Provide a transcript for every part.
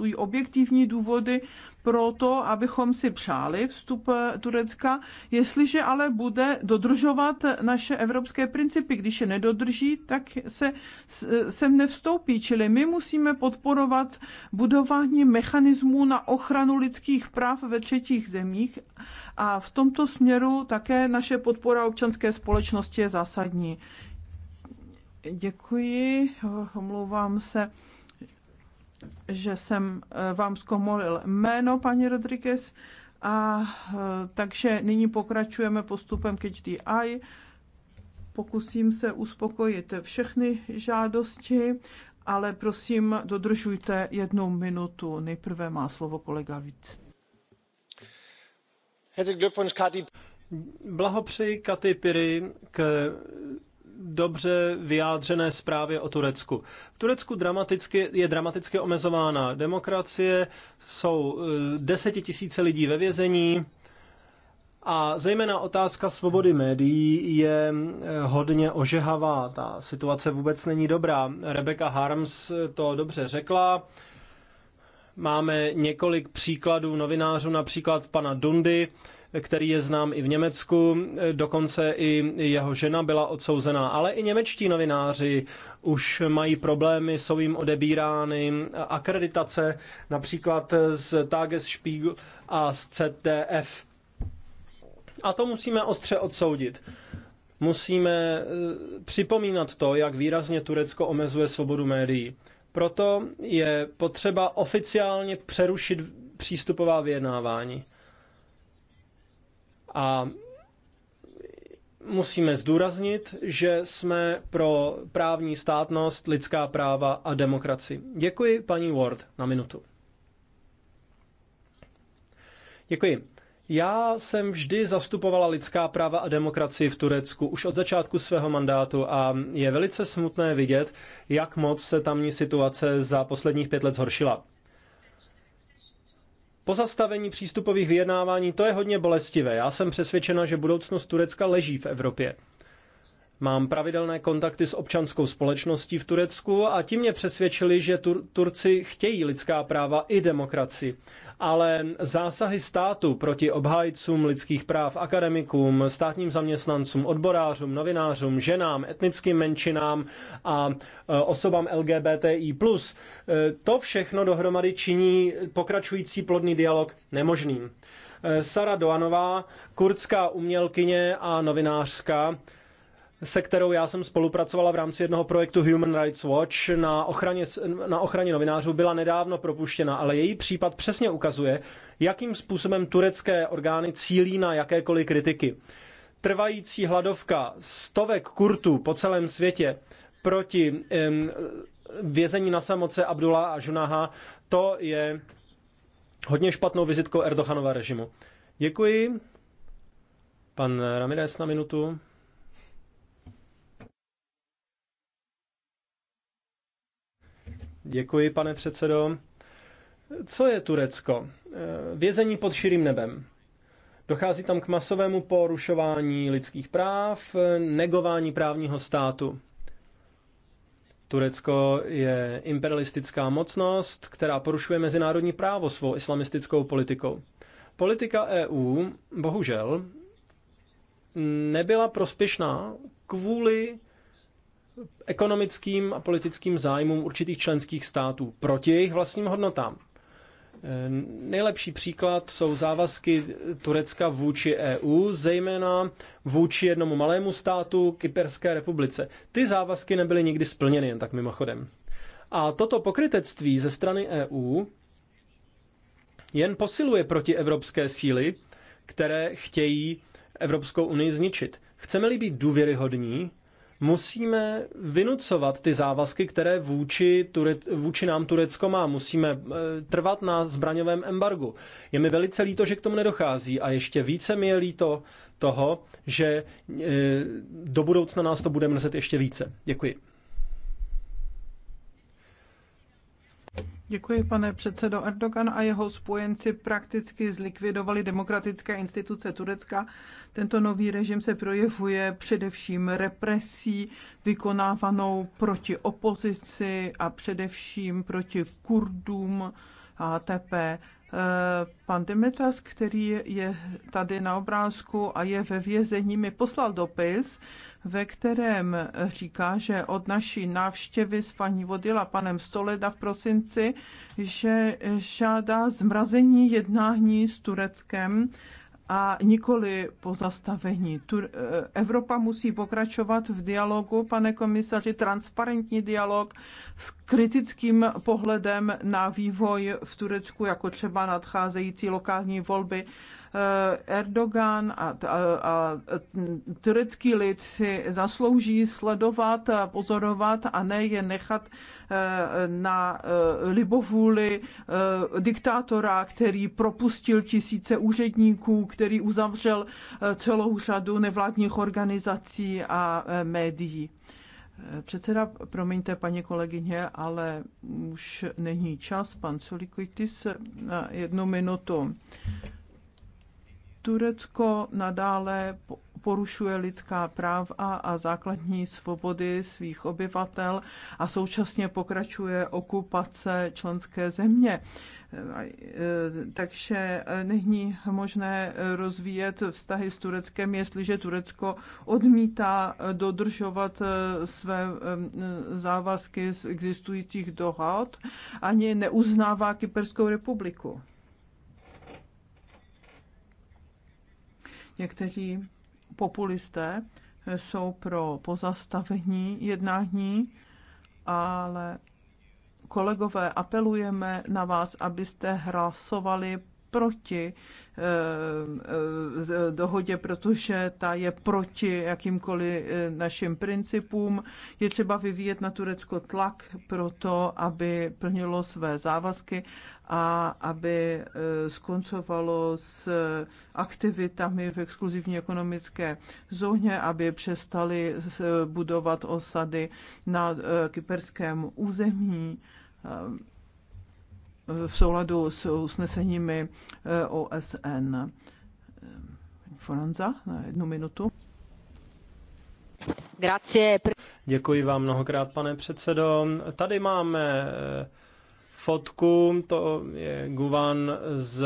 existují objektivní důvody pro to, abychom si přáli vstup eh, Turecka, jestliže ale bude dodržovat naše evropské principy. Když je nedodrží, tak se eh, sem nevstoupí. Čili my musíme podporovat budování mechanismů na ochranu lidských práv ve třetích zemích a v tomto směru také naše podpora občanské společnosti je zásadní. Děkuji, omlouvám se že jsem eh, vám zkomolil jméno, paní Rodriguez, a eh, takže nyní pokračujeme postupem k HDI. Pokusím se uspokojit všechny žádosti, ale prosím, dodržujte jednu minutu. Nejprve má slovo kolega Víc. Blahopřeji Katy Piry k dobře vyjádřené zprávě o Turecku. V Turecku dramaticky, je dramaticky omezována demokracie, jsou eh, desetitisíce lidí ve vězení, a zejména otázka svobody médií je eh, hodně ožehavá. Ta situace vůbec není dobrá. Rebecca Harms to dobře řekla. Máme několik příkladů novinářů, například pana Dundy, který je znám i v Německu, dokonce i jeho žena byla odsouzená, ale i němečtí novináři už mají problémy, jsou jim odebírány akreditace, například z Tagesspiegel a z ZDF. A to musíme ostře odsoudit musíme eh, připomínat to, jak výrazně Turecko omezuje svobodu médií. Proto je potřeba oficiálně přerušit přístupová vyjednávání. A musíme zdůraznit, že jsme pro právní státnost, lidská práva a demokracii. Děkuji, paní Ward, na minutu. Děkuji. Já jsem vždy zastupovala lidská práva a demokracii v Turecku už od začátku svého mandátu a je velice smutné vidět, jak moc se tamní situace za posledních pět let zhoršila. Pozastavení přístupových vyjednávání, to je hodně bolestivé. Já jsem přesvědčena, že budoucnost Turecka leží v Evropě. Mám pravidelné kontakty s občanskou společností v Turecku a ti mě přesvědčili, že Tur- Turci chtějí lidská práva i demokracii. Ale zásahy státu proti obhájcům lidských práv, akademikům, státním zaměstnancům, odborářům, novinářům, ženám, etnickým menšinám a e, osobám LGBTI+, e, to všechno dohromady činí pokračující plodný dialog nemožným. E, Sara Doanová, kurdská umělkyně a novinářka, se kterou já jsem spolupracovala v rámci jednoho projektu Human Rights Watch na ochraně, na ochraně novinářů, byla nedávno propuštěna, ale její případ přesně ukazuje, jakým způsobem turecké orgány cílí na jakékoliv kritiky. Trvající hladovka stovek kurtů po celém světě proti um, vězení na samoce Abdullah a Junaha, to je hodně špatnou vizitkou Erdoganova režimu. Děkuji. Pan Ramirez na minutu. Děkuji, pane předsedo. Co je Turecko? Eh, vězení pod širým nebem. Dochází tam k masovému porušování lidských práv, negování právního státu. Turecko je imperialistická mocnost, která porušuje mezinárodní právo svou islamistickou politikou. Politika EU, bohužel, nebyla prospěšná kvůli ekonomickým a politickým zájmům určitých členských států proti jejich vlastním hodnotám. E, nejlepší příklad jsou závazky Turecka vůči EU, zejména vůči jednomu malému státu, Kyperské republice. Ty závazky nebyly nikdy splněny, jen tak mimochodem. A toto pokrytectví ze strany EU jen posiluje proti evropské síly, které chtějí Evropskou unii zničit. Chceme-li být důvěryhodní, Musíme vynucovat ty závazky, které vůči, Turec, vůči nám Turecko má. Musíme eh, trvat na zbraňovém embargu. Je mi velice líto, že k tomu nedochází a ještě více mi je líto toho, že eh, do budoucna nás to bude mrzet ještě více. Děkuji. Děkuji, pane předsedo. Erdogan a jeho spojenci prakticky zlikvidovali demokratické instituce Turecka. Tento nový režim se projevuje především represí vykonávanou proti opozici a především proti Kurdům a TP. Eh, pan Demetas, který je tady na obrázku a je ve vězení, mi poslal dopis, ve kterém říká, že od naší návštěvy s paní Vodila panem Stoleda v prosinci, že žádá zmrazení jednání s Tureckem a nikoli pozastavení. Evropa musí pokračovat v dialogu, pane komisaři, transparentní dialog s kritickým pohledem na vývoj v Turecku, jako třeba nadcházející lokální volby Eh, Erdogan a, a, a turecký lid si zaslouží sledovat, pozorovat a ne je nechat eh, na eh, libovůli diktátora, který propustil tisíce úředníků, který uzavřel celou řadu nevládních organizací a médií. Předseda, promiňte, paní kolegyně, ale už není čas. Pan Solikuitis, jednu minutu. Turecko nadále porušuje lidská práva a základní svobody svých obyvatel a současně pokračuje okupace členské země. E, takže e, není možné e, rozvíjet vztahy s Tureckem, jestliže Turecko odmítá dodržovat své závazky z existujících dohod, ani neuznává Kyperskou republiku. Někteří populisté jsou pro pozastavení jednání, ale kolegové, apelujeme na vás, abyste hlasovali proti eh, eh, dohodě, protože ta je proti jakýmkoliv eh, našim principům. Je třeba vyvíjet na Turecko tlak pro to, aby plnilo své závazky a aby eh, skoncovalo s aktivitami v exkluzivní ekonomické zóně, aby přestali eh, budovat osady na eh, kyperském území v souladu s usneseními OSN. Foranza na jednu minutu. Děkuji vám mnohokrát, pane předsedo. Tady máme fotku, to je Guvan z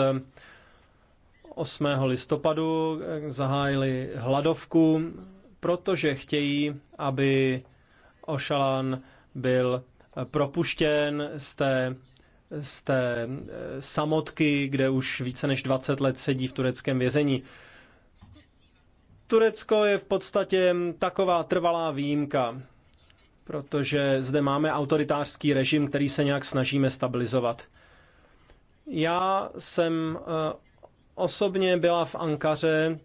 8. listopadu, zahájili hladovku, protože chtějí, aby Ošalan byl propuštěn z té, z té eh, samotky, kde už více než 20 let sedí v tureckém vězení. Turecko je v podstatě taková trvalá výjimka protože zde máme autoritářský režim, který se nějak snažíme stabilizovat. Já jsem eh, osobně byla v Ankaře,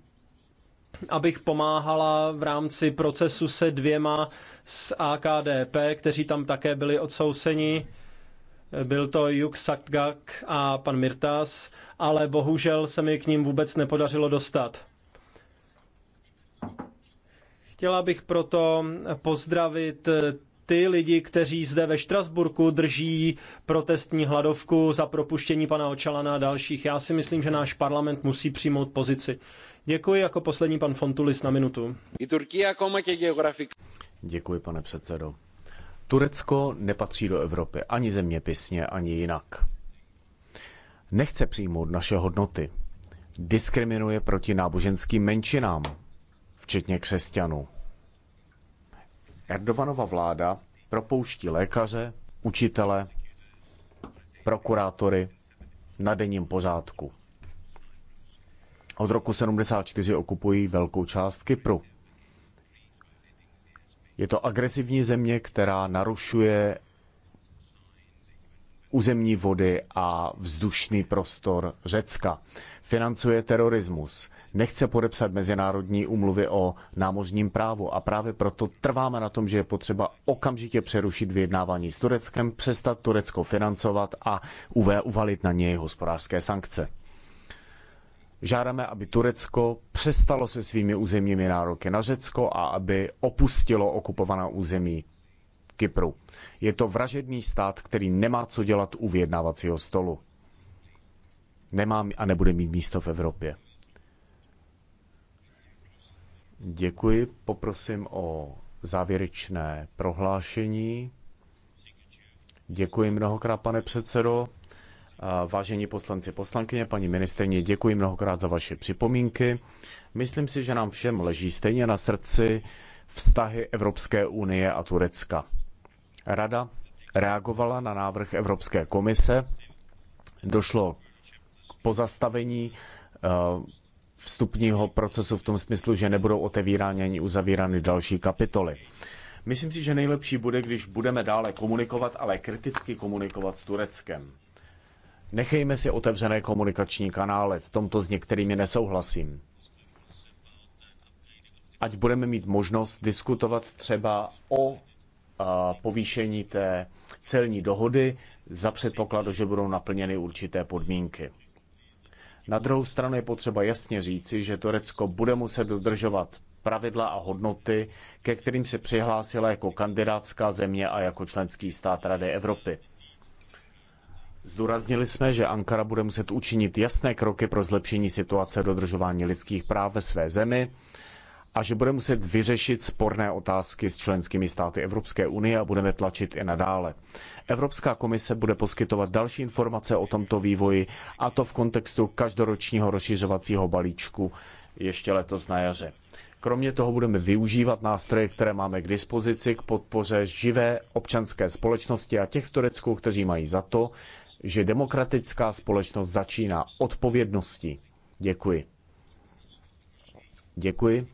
abych pomáhala v rámci procesu se dvěma z AKDP, kteří tam také byli odsouseni. Byl to Juk Saktgak a pan Mirtas, ale bohužel se mi k ním vůbec nepodařilo dostat. Chtěla bych proto pozdravit ty lidi, kteří zde ve Štrasburku drží protestní hladovku za propuštění pana Očalana a dalších. Já si myslím, že náš parlament musí přijmout pozici. Děkuji jako poslední pan Fontulis na minutu. Děkuji, pane předsedo. Turecko nepatří do Evropy ani zeměpisně, ani jinak. Nechce přijmout naše hodnoty. Diskriminuje proti náboženským menšinám, včetně křesťanů Erdovanova vláda propouští lékaře, učitele, prokurátory na denním pořádku. Od roku 74 okupují velkou část Kypru. Je to agresivní země, která narušuje územní vody a vzdušný prostor Řecka. Financuje terorismus, nechce podepsat mezinárodní umluvy o námořním právu a právě proto trváme na tom, že je potřeba okamžitě přerušit vyjednávání s Tureckem, přestat Turecko financovat a UV uvalit na něj hospodářské sankce. Žádáme, aby Turecko přestalo se svými územními nároky na Řecko a aby opustilo okupovaná území Kypru. Je to vražedný stát, který nemá co dělat u vyjednávacího stolu. Nemá a nebude mít místo v Evropě. Děkuji. Poprosím o závěrečné prohlášení. Děkuji mnohokrát, pane předsedo. Vážení poslanci, poslankyně, paní ministrině, děkuji mnohokrát za vaše připomínky. Myslím si, že nám všem leží stejně na srdci vztahy Evropské unie a Turecka. Rada reagovala na návrh Evropské komise, došlo k pozastavení eh, vstupního procesu v tom smyslu, že nebudou otevírány ani uzavírány další kapitoly. Myslím si, že nejlepší bude, když budeme dále komunikovat, ale kriticky komunikovat s Tureckem. Nechejme si otevřené komunikační kanály, v tomto s některými nesouhlasím. Ať budeme mít možnost diskutovat třeba o povýšení té celní dohody za předpokladu, že budou naplněny určité podmínky. Na druhou stranu je potřeba jasně říci, že Turecko bude muset dodržovat pravidla a hodnoty, ke kterým se přihlásila jako kandidátská země a jako členský stát Rady Evropy. Zdůraznili jsme, že Ankara bude muset učinit jasné kroky pro zlepšení situace dodržování lidských práv ve své zemi, a že bude muset vyřešit sporné otázky s členskými státy Evropské unie a budeme tlačit i nadále. Evropská komise bude poskytovat další informace o tomto vývoji a to v kontextu každoročního rozšiřovacího balíčku ještě letos na jaře. Kromě toho budeme využívat nástroje, které máme k dispozici k podpoře živé občanské společnosti a těch v Turecku, kteří mají za to, že demokratická společnost začíná odpovědností. Děkuji. Děkuji.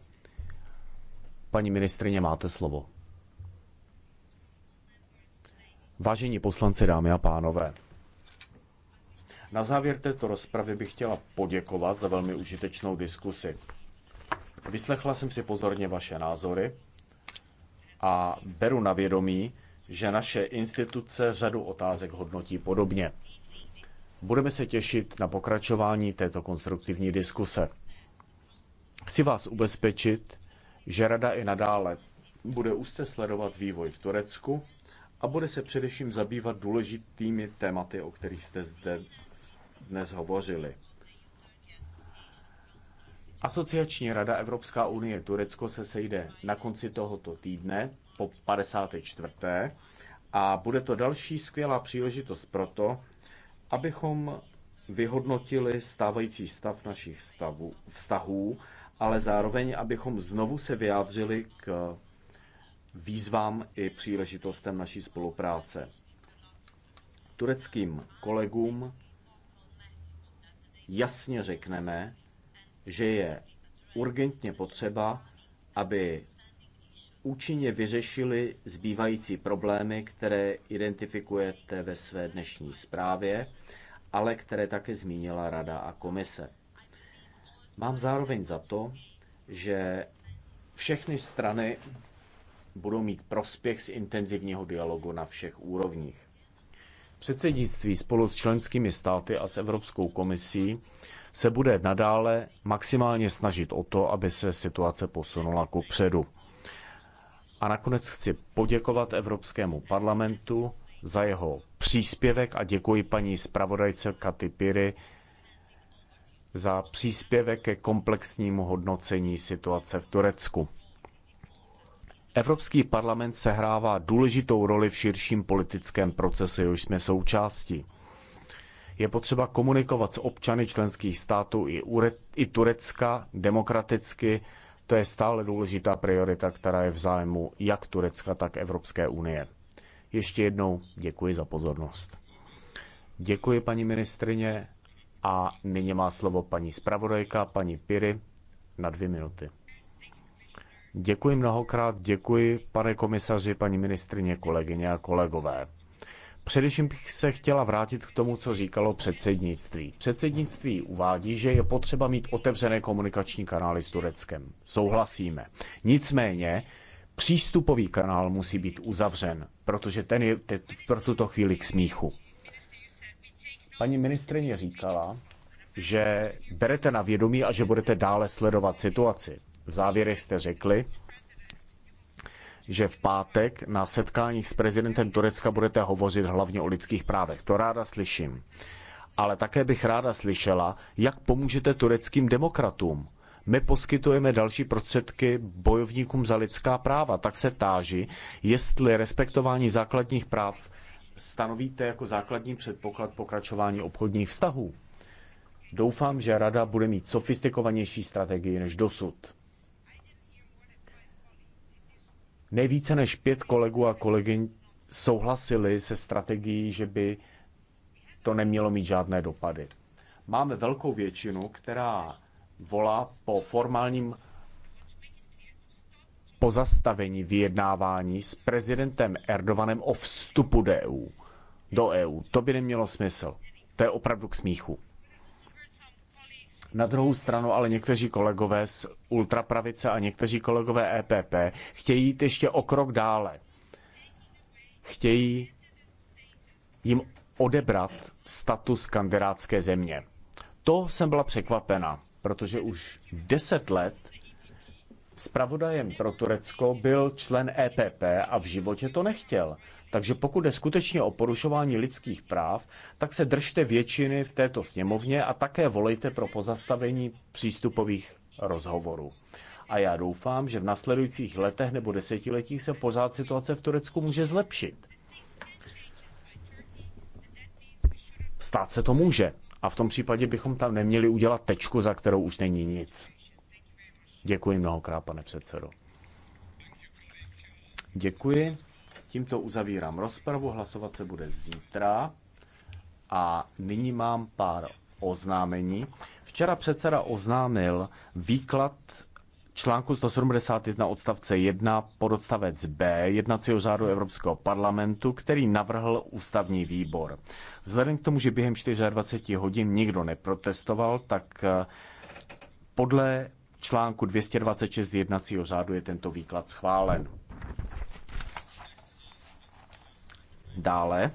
Paní ministrině, máte slovo. Vážení poslanci, dámy a pánové, na závěr této rozpravy bych chtěla poděkovat za velmi užitečnou diskusi. Vyslechla jsem si pozorně vaše názory a beru na vědomí, že naše instituce řadu otázek hodnotí podobně. Budeme se těšit na pokračování této konstruktivní diskuse. Chci vás ubezpečit, že Rada i nadále bude úzce sledovat vývoj v Turecku a bude se především zabývat důležitými tématy, o kterých jste zde dnes hovořili. Asociační rada Evropská unie Turecko se sejde na konci tohoto týdne po 54. a bude to další skvělá příležitost pro to, abychom vyhodnotili stávající stav našich stavu, vztahů ale zároveň, abychom znovu se vyjádřili k výzvám i příležitostem naší spolupráce. Tureckým kolegům jasně řekneme, že je urgentně potřeba, aby účinně vyřešili zbývající problémy, které identifikujete ve své dnešní zprávě, ale které také zmínila Rada a Komise. Mám zároveň za to, že všechny strany budou mít prospěch z intenzivního dialogu na všech úrovních. Předsednictví spolu s členskými státy a s Evropskou komisí se bude nadále maximálně snažit o to, aby se situace posunula ku předu. A nakonec chci poděkovat Evropskému parlamentu za jeho příspěvek a děkuji paní zpravodajce Katy Piry za příspěvek ke komplexnímu hodnocení situace v Turecku. Evropský parlament sehrává důležitou roli v širším politickém procesu, jehož jsme součástí. Je potřeba komunikovat s občany členských států i, Ure- i Turecka demokraticky. To je stále důležitá priorita, která je v zájmu jak Turecka, tak Evropské unie. Ještě jednou děkuji za pozornost. Děkuji, paní ministrině. A nyní má slovo paní zpravodajka, paní Piry, na dvě minuty. Děkuji mnohokrát, děkuji pane komisaři, paní ministrině, kolegyně a kolegové. Především bych se chtěla vrátit k tomu, co říkalo předsednictví. Předsednictví uvádí, že je potřeba mít otevřené komunikační kanály s Tureckem. Souhlasíme. Nicméně přístupový kanál musí být uzavřen, protože ten je pro tuto chvíli k smíchu. Paní ministrině říkala, že berete na vědomí a že budete dále sledovat situaci. V závěrech jste řekli, že v pátek na setkáních s prezidentem Turecka budete hovořit hlavně o lidských právech. To ráda slyším. Ale také bych ráda slyšela, jak pomůžete tureckým demokratům. My poskytujeme další prostředky bojovníkům za lidská práva, tak se táži, jestli respektování základních práv stanovíte jako základní předpoklad pokračování obchodních vztahů. Doufám, že Rada bude mít sofistikovanější strategii než dosud. Nejvíce než pět kolegů a kolegyň souhlasili se strategií, že by to nemělo mít žádné dopady. Máme velkou většinu, která volá po formálním pozastavení vyjednávání s prezidentem Erdoganem o vstupu do EU. Do EU. To by nemělo smysl. To je opravdu k smíchu. Na druhou stranu ale někteří kolegové z ultrapravice a někteří kolegové EPP chtějí jít ještě o krok dále. Chtějí jim odebrat status kandidátské země. To jsem byla překvapena, protože už deset let Spravodajem pro Turecko byl člen EPP a v životě to nechtěl. Takže pokud je skutečně o porušování lidských práv, tak se držte většiny v této sněmovně a také volejte pro pozastavení přístupových rozhovorů. A já doufám, že v nasledujících letech nebo desetiletích se pořád situace v Turecku může zlepšit. Stát se to může. A v tom případě bychom tam neměli udělat tečku, za kterou už není nic. Děkuji mnohokrát, pane předsedo. Děkuji. Tímto uzavírám rozpravu, hlasovat se bude zítra. A nyní mám pár oznámení. Včera předseda oznámil výklad článku 171 odstavce 1 pododstavec B jednacího řádu Evropského parlamentu, který navrhl ústavní výbor. Vzhledem k tomu, že během 24 hodin nikdo neprotestoval, tak eh, podle článku 226 jednacího řádu je tento výklad schválen. Dále,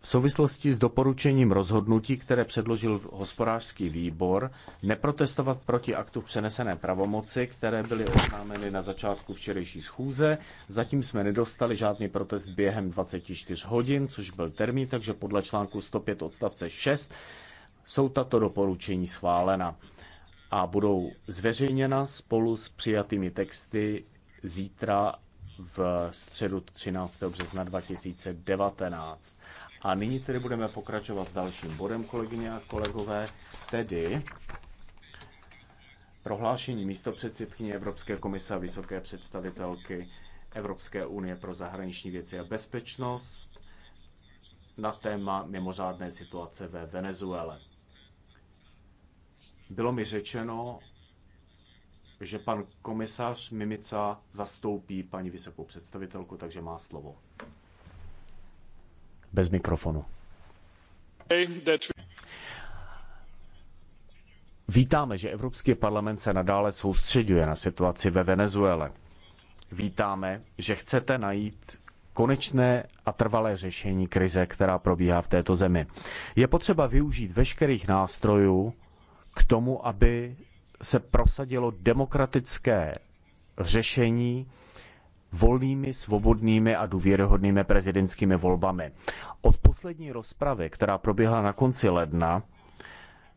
v souvislosti s doporučením rozhodnutí, které předložil hospodářský výbor, neprotestovat proti aktu v přenesené pravomoci, které byly oznámeny na začátku včerejší schůze. Zatím jsme nedostali žádný protest během 24 hodin, což byl termín, takže podle článku 105 odstavce 6 jsou tato doporučení schválena a budou zveřejněna spolu s přijatými texty zítra v středu 13. března 2019. A nyní tedy budeme pokračovat s dalším bodem, kolegyně a kolegové, tedy prohlášení místopředsedkyně Evropské komise a vysoké představitelky Evropské unie pro zahraniční věci a bezpečnost na téma mimořádné situace ve Venezuele. Bylo mi řečeno, že pan komisař Mimica zastoupí paní vysokou představitelku, takže má slovo. Bez mikrofonu. Vítáme, že Evropský parlament se nadále soustředuje na situaci ve Venezuele. Vítáme, že chcete najít konečné a trvalé řešení krize, která probíhá v této zemi. Je potřeba využít veškerých nástrojů, k tomu, aby se prosadilo demokratické řešení volnými, svobodnými a důvěryhodnými prezidentskými volbami. Od poslední rozpravy, která proběhla na konci ledna,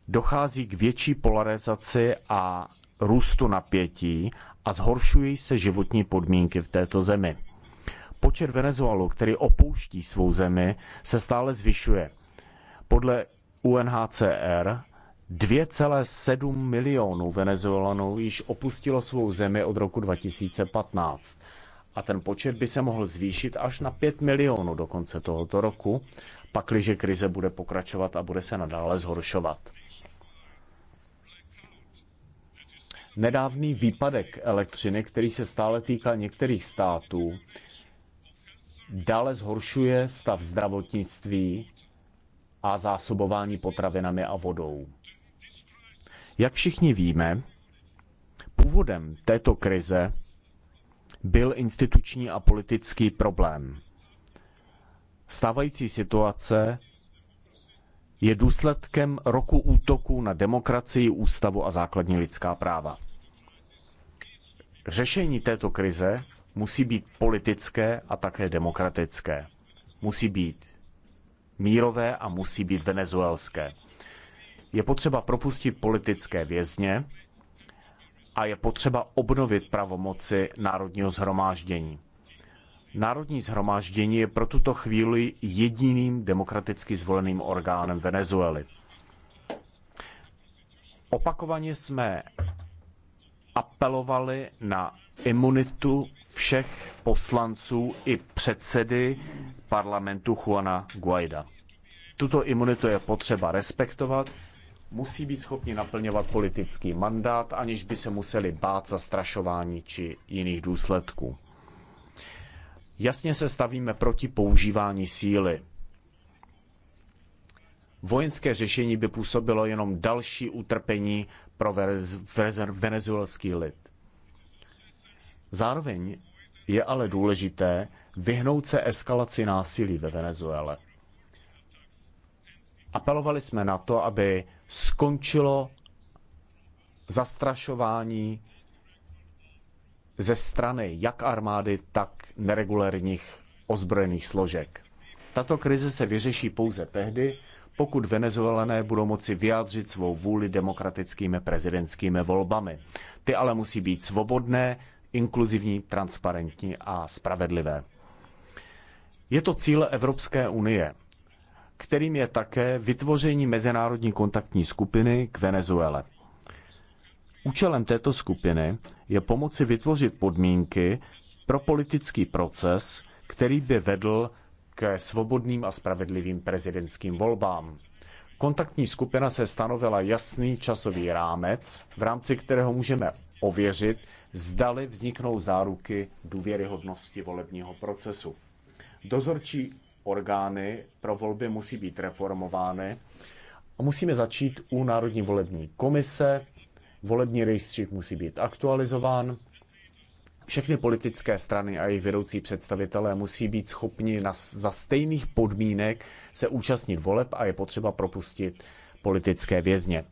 dochází k větší polarizaci a růstu napětí a zhoršují se životní podmínky v této zemi. Počet Venezuelů, který opouští svou zemi, se stále zvyšuje. Podle UNHCR 2,7 milionů Venezuelanů již opustilo svou zemi od roku 2015 a ten počet by se mohl zvýšit až na 5 milionů do konce tohoto roku, pakliže krize bude pokračovat a bude se nadále zhoršovat. Nedávný výpadek elektřiny, který se stále týká některých států, dále zhoršuje stav zdravotnictví a zásobování potravinami a vodou. Jak všichni víme, původem této krize byl instituční a politický problém. Stávající situace je důsledkem roku útoků na demokracii, ústavu a základní lidská práva. Řešení této krize musí být politické a také demokratické. Musí být mírové a musí být venezuelské. Je potřeba propustit politické vězně a je potřeba obnovit pravomoci Národního zhromáždění. Národní zhromáždění je pro tuto chvíli jediným demokraticky zvoleným orgánem Venezuely. Opakovaně jsme apelovali na imunitu všech poslanců i předsedy parlamentu Juana Guaida. Tuto imunitu je potřeba respektovat musí být schopni naplňovat politický mandát, aniž by se museli bát zastrašování či jiných důsledků. Jasně se stavíme proti používání síly. Vojenské řešení by působilo jenom další utrpení pro venezuelský lid. Zároveň je ale důležité vyhnout se eskalaci násilí ve Venezuele. Apelovali jsme na to, aby skončilo zastrašování ze strany jak armády, tak neregulérních ozbrojených složek. Tato krize se vyřeší pouze tehdy, pokud venezuelané budou moci vyjádřit svou vůli demokratickými prezidentskými volbami. Ty ale musí být svobodné, inkluzivní, transparentní a spravedlivé. Je to cíl Evropské unie kterým je také vytvoření mezinárodní kontaktní skupiny k Venezuele. Účelem této skupiny je pomoci vytvořit podmínky pro politický proces, který by vedl k svobodným a spravedlivým prezidentským volbám. Kontaktní skupina se stanovila jasný časový rámec, v rámci kterého můžeme ověřit, zdali vzniknou záruky důvěryhodnosti volebního procesu. Dozorčí orgány pro volby musí být reformovány. A musíme začít u Národní volební komise, volební rejstřík musí být aktualizován, všechny politické strany a jejich vedoucí představitelé musí být schopni na, za stejných podmínek se účastnit voleb a je potřeba propustit politické vězně.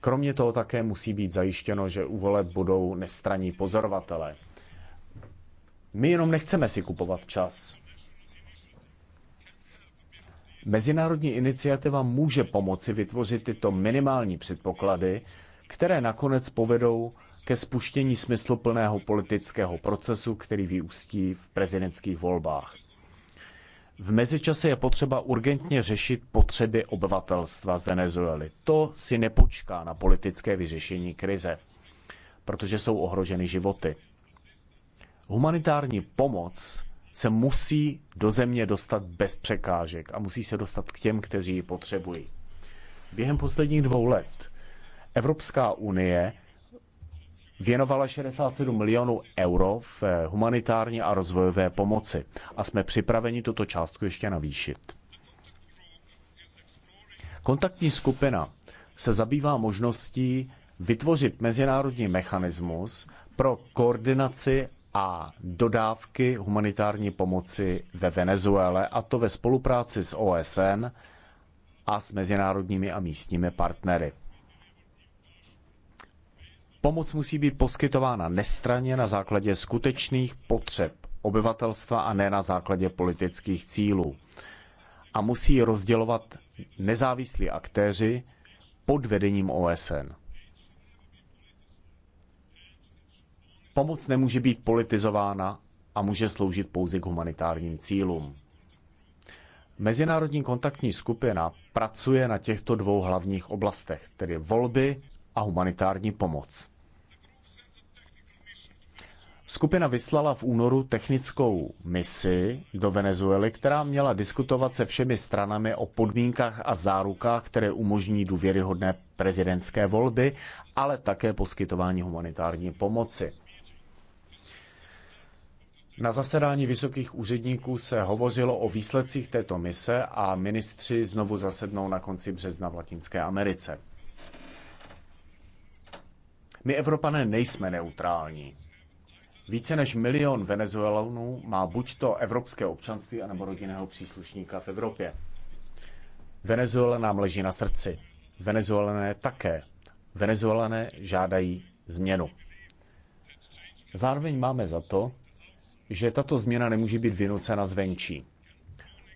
Kromě toho také musí být zajištěno, že u voleb budou nestraní pozorovatelé. My jenom nechceme si kupovat čas. Mezinárodní iniciativa může pomoci vytvořit tyto minimální předpoklady, které nakonec povedou ke spuštění smysluplného politického procesu, který vyústí v prezidentských volbách. V mezičase je potřeba urgentně řešit potřeby obyvatelstva z Venezuely. To si nepočká na politické vyřešení krize, protože jsou ohroženy životy. Humanitární pomoc se musí do země dostat bez překážek a musí se dostat k těm, kteří ji potřebují. Během posledních dvou let Evropská unie věnovala 67 milionů euro v humanitární a rozvojové pomoci a jsme připraveni tuto částku ještě navýšit. Kontaktní skupina se zabývá možností vytvořit mezinárodní mechanismus pro koordinaci a dodávky humanitární pomoci ve Venezuele, a to ve spolupráci s OSN a s mezinárodními a místními partnery. Pomoc musí být poskytována nestraně na základě skutečných potřeb obyvatelstva a ne na základě politických cílů. A musí rozdělovat nezávislí aktéři pod vedením OSN. Pomoc nemůže být politizována a může sloužit pouze k humanitárním cílům. Mezinárodní kontaktní skupina pracuje na těchto dvou hlavních oblastech, tedy volby a humanitární pomoc. Skupina vyslala v únoru technickou misi do Venezuely, která měla diskutovat se všemi stranami o podmínkách a zárukách, které umožní důvěryhodné prezidentské volby, ale také poskytování humanitární pomoci. Na zasedání vysokých úředníků se hovořilo o výsledcích této mise a ministři znovu zasednou na konci března v Latinské Americe. My Evropané nejsme neutrální. Více než milion Venezuelanů má buď to evropské občanství, anebo rodinného příslušníka v Evropě. Venezuela nám leží na srdci. Venezuelané také. Venezuelané žádají změnu. Zároveň máme za to, že tato změna nemůže být vynucena zvenčí.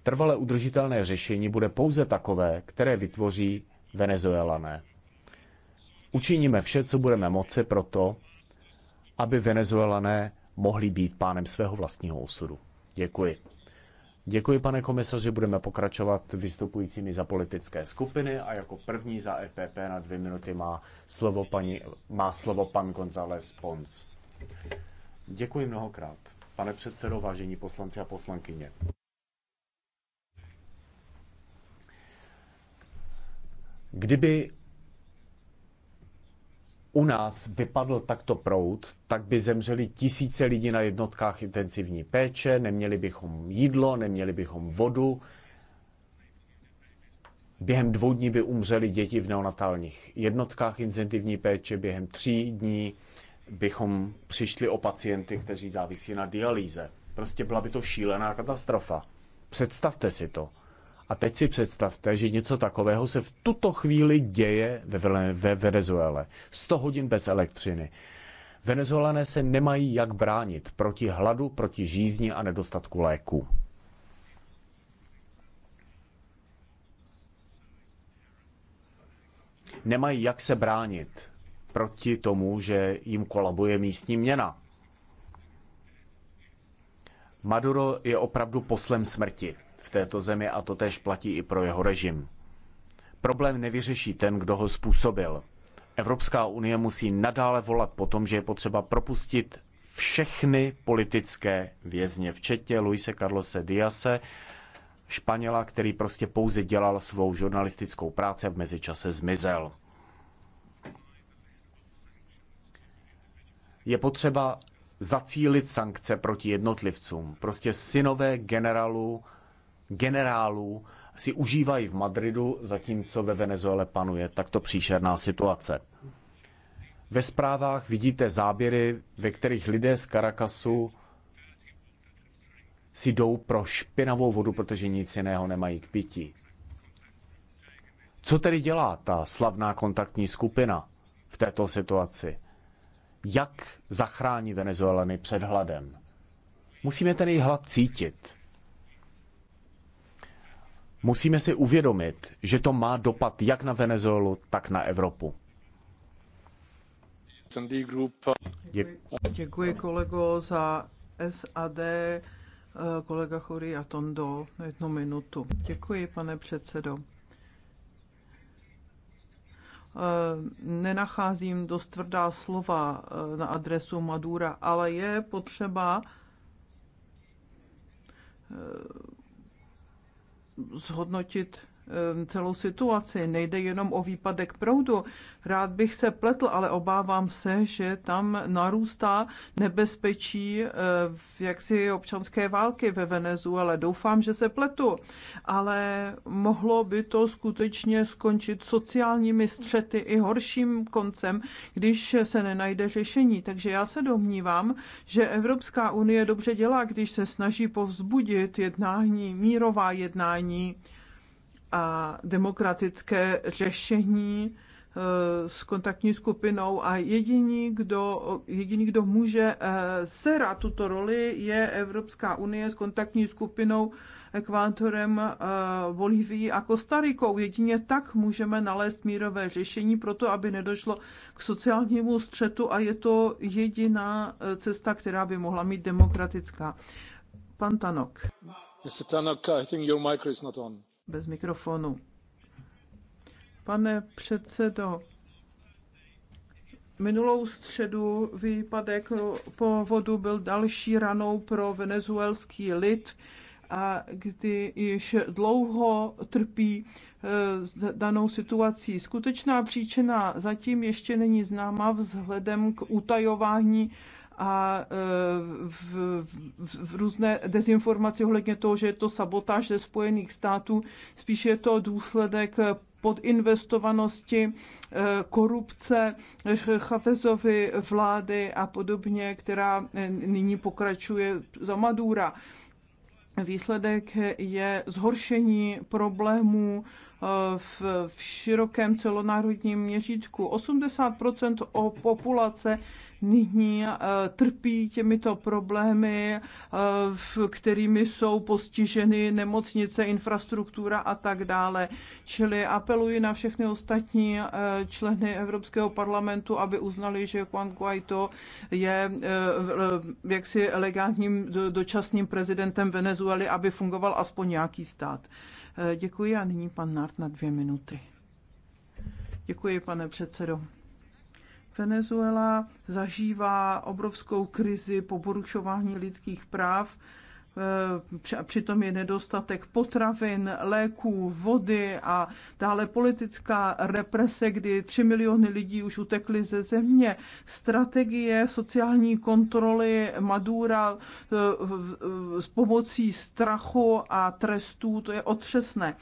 Trvale udržitelné řešení bude pouze takové, které vytvoří Venezuelané. Učiníme vše, co budeme moci pro to, aby Venezuelané mohli být pánem svého vlastního osudu. Děkuji. Děkuji, pane komisaři. Budeme pokračovat vystupujícími za politické skupiny a jako první za EPP na dvě minuty má slovo, paní, má slovo pan González Pons. Děkuji mnohokrát. Pane předsedo, vážení poslanci a poslankyně. Kdyby u nás vypadl takto proud, tak by zemřeli tisíce lidí na jednotkách intenzivní péče, neměli bychom jídlo, neměli bychom vodu. Během dvou dní by umřeli děti v neonatálních jednotkách intenzivní péče, během tří dní bychom přišli o pacienty, kteří závisí na dialýze. Prostě byla by to šílená katastrofa. Představte si to. A teď si představte, že něco takového se v tuto chvíli děje ve, ve Venezuele. 100 hodin bez elektřiny. Venezuelané se nemají jak bránit proti hladu, proti žízni a nedostatku léků. Nemají jak se bránit proti tomu, že jim kolabuje místní měna. Maduro je opravdu poslem smrti v této zemi a to tež platí i pro jeho režim. Problém nevyřeší ten, kdo ho způsobil. Evropská unie musí nadále volat po tom, že je potřeba propustit všechny politické vězně, včetně Luise Carlose Diase, Španěla, který prostě pouze dělal svou žurnalistickou práci a v mezičase zmizel. Je potřeba zacílit sankce proti jednotlivcům. Prostě synové generálu, generálů si užívají v Madridu, zatímco ve Venezuele panuje takto příšerná situace. Ve zprávách vidíte záběry, ve kterých lidé z Caracasu si jdou pro špinavou vodu, protože nic jiného nemají k pití. Co tedy dělá ta slavná kontaktní skupina v této situaci? jak zachrání Venezuelany před hladem. Musíme ten její hlad cítit. Musíme si uvědomit, že to má dopad jak na Venezuelu, tak na Evropu. Děkuji, děkuji kolego za SAD, eh, kolega Chory a Tondo, jednu minutu. Děkuji, pane předsedo. Eh, nenacházím dost tvrdá slova eh, na adresu Madura, ale je potřeba eh, zhodnotit Um, celou situaci. Nejde jenom o výpadek proudu. Rád bych se pletl, ale obávám se, že tam narůstá nebezpečí uh, v jaksi občanské války ve Venezuele. Doufám, že se pletu, ale mohlo by to skutečně skončit sociálními střety i horším koncem, když se nenajde řešení. Takže já se domnívám, že Evropská unie dobře dělá, když se snaží povzbudit jednání, mírová jednání, a demokratické řešení eh, s kontaktní skupinou a jediný, kdo, jediný, kdo může eh, serat tuto roli, je Evropská unie s kontaktní skupinou Ekvátorem, eh, Bolívií a Kostarikou. Jedině tak můžeme nalézt mírové řešení pro to, aby nedošlo k sociálnímu střetu a je to jediná cesta, která by mohla mít demokratická. Pan Tanok. Mr. Tanok, I think your mic is not on bez mikrofonu. Pane předsedo, minulou středu výpadek po vodu byl další ranou pro venezuelský lid, a kdy již dlouho trpí eh, danou situací. Skutečná příčina zatím ještě není známa vzhledem k utajování a e, v, v, v různé dezinformaci ohledně toho, že je to sabotáž ze Spojených států, spíše je to důsledek podinvestovanosti, e, korupce Chavezovy vlády a podobně, která e, nyní pokračuje za Madura. Výsledek je zhoršení problémů Eh, v, v širokém celonárodním měřítku. 80 o populace nyní eh, trpí těmito problémy, eh, v kterými jsou postiženy nemocnice, infrastruktura a tak dále. Čili apeluji na všechny ostatní členy Evropského parlamentu, aby uznali, že Juan Guaido je jaksi elegantním dočasným prezidentem Venezuely, aby fungoval aspoň nějaký stát. Eh, děkuji a nyní pan Nart na dvě minuty. Děkuji, pane předsedo. Venezuela zažívá obrovskou krizi po porušování lidských práv Eh, přitom je nedostatek potravin, léků, vody a dále politická represe, kdy 3 miliony lidí už utekli ze země, strategie sociální kontroly Madura eh, s pomocí strachu a trestů, to je otřesné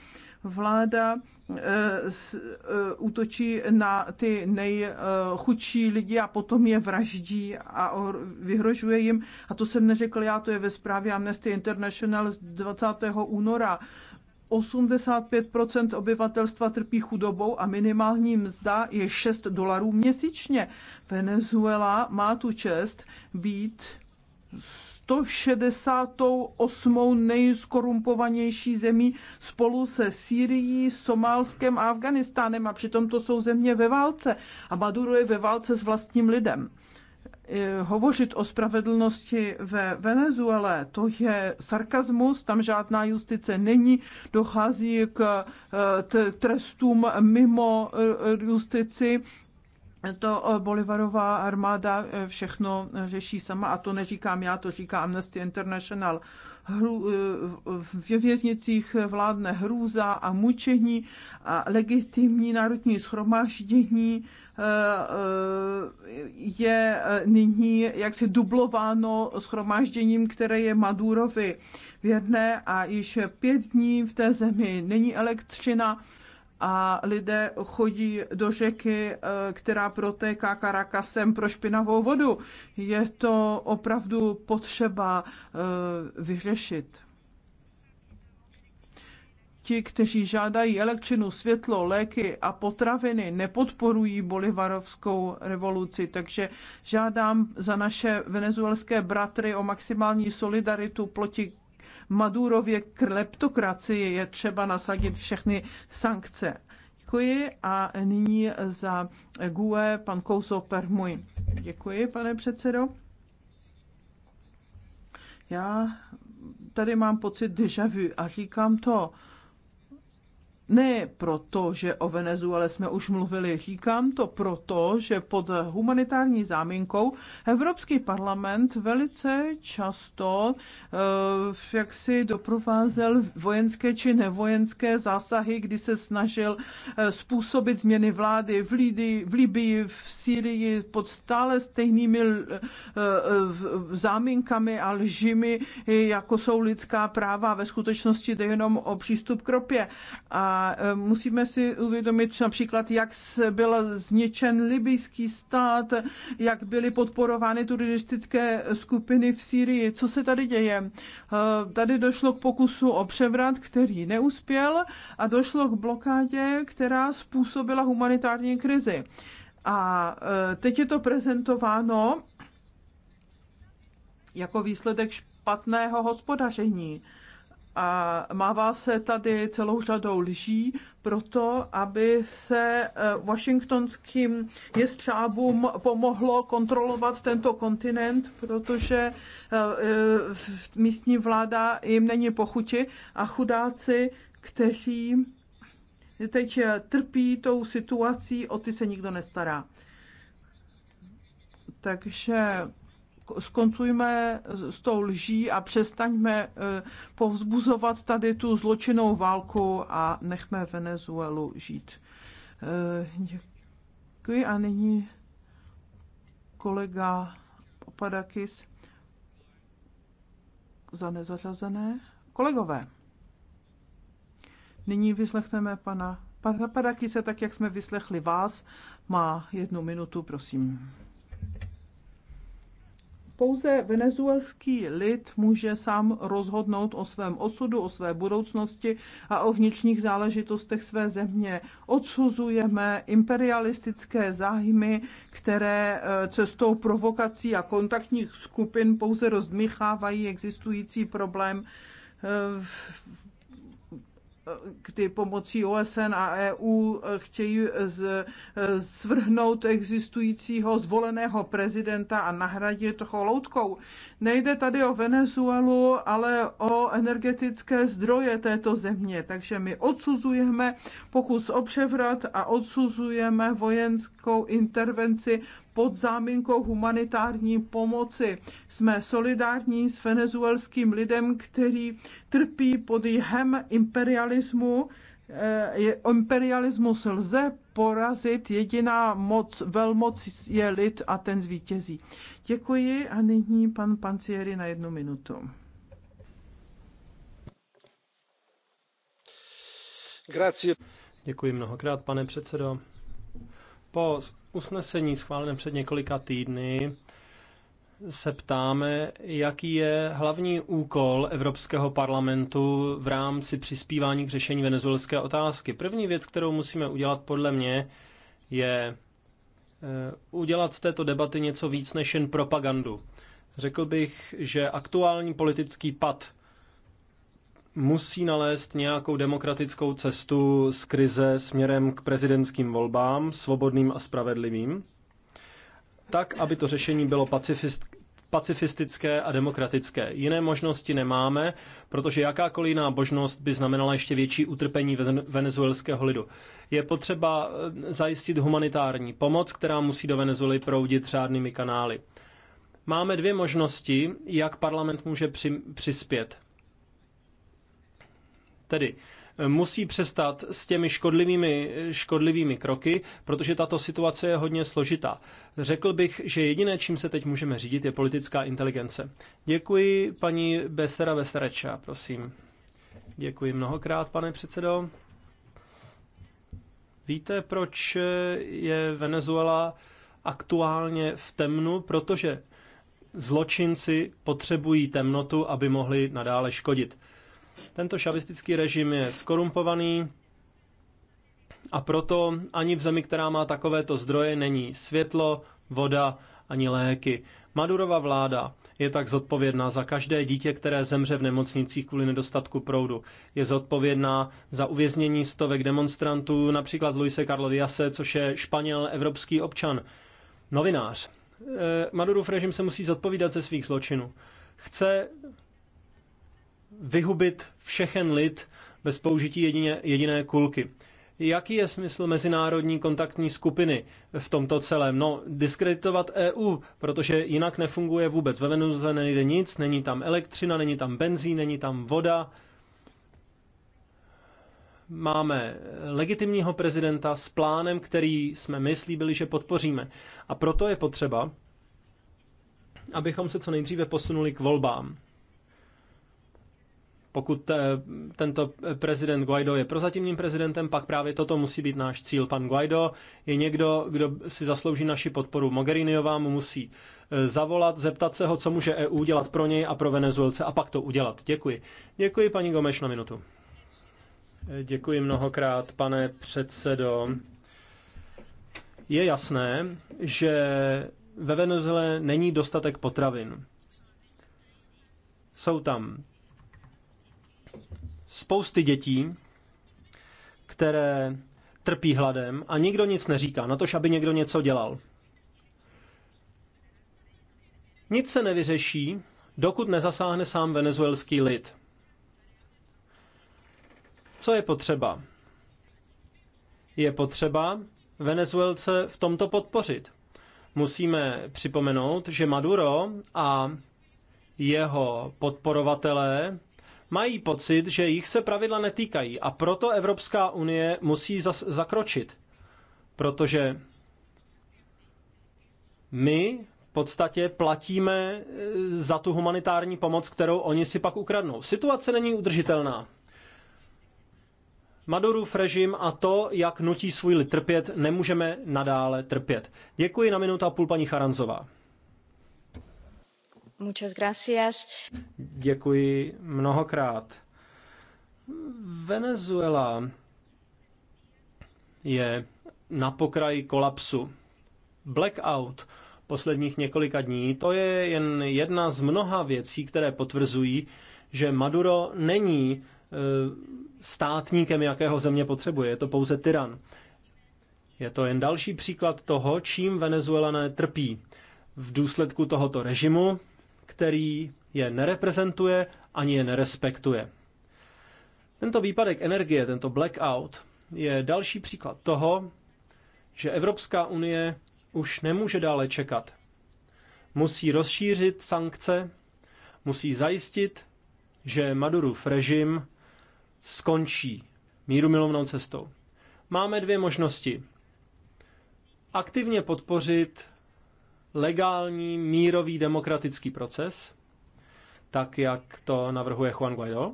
vláda eh, eh, útočí na ty nejchudší lidi a potom je vraždí a vyhrožuje jim. A to jsem neřekl já, to je ve zprávě Amnesty International z 20. února. 85 obyvatelstva trpí chudobou a minimální mzda je 6 dolarů měsíčně. Venezuela má tu čest být 168. nejskorumpovanější zemí spolu se Sýrií, Somálskem a Afganistánem a přitom to jsou země ve válce a Maduro je ve válce s vlastním lidem eh, hovořit o spravedlnosti ve Venezuele, to je sarkazmus, tam žádná justice není, dochází k eh, trestům mimo eh, justici to eh, Bolivarová armáda eh, všechno eh, řeší sama a to neříkám já, to říká Amnesty International. Hru, ve věznicích vládne hrůza a mučení a legitimní národní schromáždění je nyní jaksi dublováno schromážděním, které je Madurovi věrné a již pět dní v té zemi není elektřina, a lidé chodí do řeky, eh, která protéká Karakasem pro špinavou vodu. Je to opravdu potřeba eh, vyřešit. Ti, kteří žádají elektřinu, světlo, léky a potraviny, nepodporují bolivarovskou revoluci. Takže žádám za naše venezuelské bratry o maximální solidaritu proti Madurově kleptokracii je třeba nasadit všechny sankce. Děkuji a nyní za GUE pan Kouso Permuj. Děkuji, pane předsedo. Já tady mám pocit deja vu a říkám to, ne proto, že o Venezuele jsme už mluvili, říkám to proto, že pod humanitární záminkou Evropský parlament velice často eh, jak si doprovázel vojenské či nevojenské zásahy, kdy se snažil eh, způsobit změny vlády v, Lidi, v Libii, v Syrii pod stále stejnými eh, záminkami a lžimi, jako jsou lidská práva. Ve skutečnosti jde jenom o přístup k ropě. A Eh, musíme si uvědomit například, jak byl zničen libijský stát, jak byly podporovány turistické skupiny v Sýrii. Co se tady děje? Eh, tady došlo k pokusu o převrat, který neuspěl a došlo k blokádě, která způsobila humanitární krizi. A eh, teď je to prezentováno jako výsledek špatného hospodaření a mává se tady celou řadou lží proto, aby se eh, washingtonským jestřábům pomohlo kontrolovat tento kontinent, protože eh, eh, místní vláda jim není pochuti a chudáci, kteří teď trpí tou situací, o ty se nikdo nestará. Takže skoncujme s tou lží a přestaňme eh, povzbuzovat tady tu zločinnou válku a nechme Venezuelu žít. Eh, děkuji a nyní kolega Padakis? za nezařazené. Kolegové, nyní vyslechneme pana Padakise, tak jak jsme vyslechli vás. Má jednu minutu, prosím. Pouze venezuelský lid může sám rozhodnout o svém osudu, o své budoucnosti a o vnitřních záležitostech své země. Odsuzujeme imperialistické zájmy, které eh, cestou provokací a kontaktních skupin pouze rozdmíchávají existující problém eh, Eh, kdy pomocí OSN a EU eh, chtějí eh, z, svrhnout existujícího zvoleného prezidenta a nahradit ho loutkou. Nejde tady o Venezuelu, ale o energetické zdroje této země. Takže my odsuzujeme pokus o převrat a odsuzujeme vojenskou intervenci pod záminkou humanitární pomoci. Jsme solidární s venezuelským lidem, který trpí pod jihem imperialismu. Eh, imperialismus lze porazit, jediná moc, velmoc je lid a ten zvítězí. Děkuji a nyní pan Pancieri na jednu minutu. Grazie. Děkuji mnohokrát, pane předsedo. Po usnesení schváleném před několika týdny se ptáme, jaký je hlavní úkol Evropského parlamentu v rámci přispívání k řešení venezuelské otázky. První věc, kterou musíme udělat podle mě, je eh, udělat z této debaty něco víc než jen propagandu. Řekl bych, že aktuální politický pad musí nalézt nějakou demokratickou cestu z krize směrem k prezidentským volbám, svobodným a spravedlivým, tak, aby to řešení bylo pacifist, pacifistické a demokratické. Jiné možnosti nemáme, protože jakákoliv jiná božnost by znamenala ještě větší utrpení venezuelského lidu. Je potřeba eh, zajistit humanitární pomoc, která musí do Venezuely proudit řádnými kanály. Máme dvě možnosti, jak parlament může při, přispět. Tedy eh, musí přestat s těmi škodlivými, eh, škodlivými kroky, protože tato situace je hodně složitá. Řekl bych, že jediné, čím se teď můžeme řídit, je politická inteligence. Děkuji paní Besera Vesereča, prosím. Děkuji mnohokrát, pane předsedo. Víte, proč eh, je Venezuela aktuálně v temnu? Protože zločinci potřebují temnotu, aby mohli nadále škodit. Tento šavistický režim je skorumpovaný a proto ani v zemi, která má takovéto zdroje, není světlo, voda ani léky. Madurova vláda je tak zodpovědná za každé dítě, které zemře v nemocnicích kvůli nedostatku proudu. Je zodpovědná za uvěznění stovek demonstrantů, například Luise Carlo Diase, což je španěl, evropský občan, novinář. Eh, Madurův režim se musí zodpovídat ze svých zločinů. Chce vyhubit všechen lid bez použití jedině, jediné kulky. Jaký je smysl mezinárodní kontaktní skupiny v tomto celém? No, diskreditovat EU, protože jinak nefunguje vůbec. Ve Venezuele nejde nic, není tam elektřina, není tam benzín, není tam voda. Máme legitimního prezidenta s plánem, který jsme my slíbili, že podpoříme. A proto je potřeba, abychom se co nejdříve posunuli k volbám. Pokud eh, tento prezident Guaido je prozatímním prezidentem, pak právě toto musí být náš cíl. Pan Guaido je někdo, kdo si zaslouží naši podporu. Mogheriniová mu musí eh, zavolat, zeptat se ho, co může EU dělat pro něj a pro Venezuelce a pak to udělat. Děkuji. Děkuji, paní Gomeš, na minutu. Eh, děkuji mnohokrát, pane předsedo. Je jasné, že ve Venezuele není dostatek potravin. Jsou tam spousty dětí, které trpí hladem a nikdo nic neříká, na tož, aby někdo něco dělal. Nic se nevyřeší, dokud nezasáhne sám venezuelský lid. Co je potřeba? Je potřeba Venezuelce v tomto podpořit. Musíme připomenout, že Maduro a jeho podporovatelé mají pocit, že jich se pravidla netýkají a proto Evropská unie musí zas- zakročit. Protože my v podstatě platíme e, za tu humanitární pomoc, kterou oni si pak ukradnou. Situace není udržitelná. Madurův režim a to, jak nutí svůj lid trpět, nemůžeme nadále trpět. Děkuji na minutu a půl paní Charanzová. Muchas gracias. Děkuji mnohokrát. Venezuela je na pokraji kolapsu. Blackout posledních několika dní, to je jen jedna z mnoha věcí, které potvrzují, že Maduro není e, státníkem, jakého země potřebuje. Je to pouze tyran. Je to jen další příklad toho, čím Venezuelané trpí. V důsledku tohoto režimu který je nereprezentuje ani je nerespektuje. Tento výpadek energie, tento blackout, je další příklad toho, že Evropská unie už nemůže dále čekat. Musí rozšířit sankce, musí zajistit, že Madurův režim skončí milovnou cestou. Máme dvě možnosti. Aktivně podpořit legální mírový demokratický proces, tak jak to navrhuje Juan Guaido,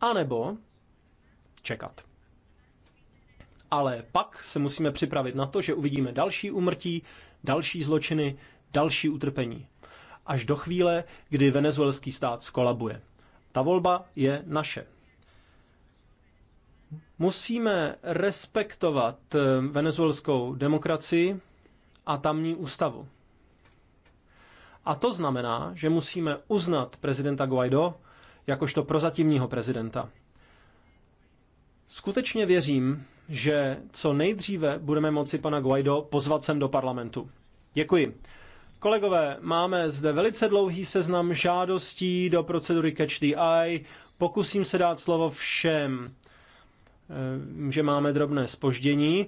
anebo čekat. Ale pak se musíme připravit na to, že uvidíme další umrtí, další zločiny, další utrpení. Až do chvíle, kdy venezuelský stát skolabuje. Ta volba je naše. Musíme respektovat eh, venezuelskou demokracii a tamní ústavu. A to znamená, že musíme uznat prezidenta Guaido jakožto prozatímního prezidenta. Skutečně věřím, že co nejdříve budeme moci pana Guaido pozvat sem do parlamentu. Děkuji. Kolegové, máme zde velice dlouhý seznam žádostí do procedury Catch the Eye. Pokusím se dát slovo všem. Eh, že máme drobné spoždění,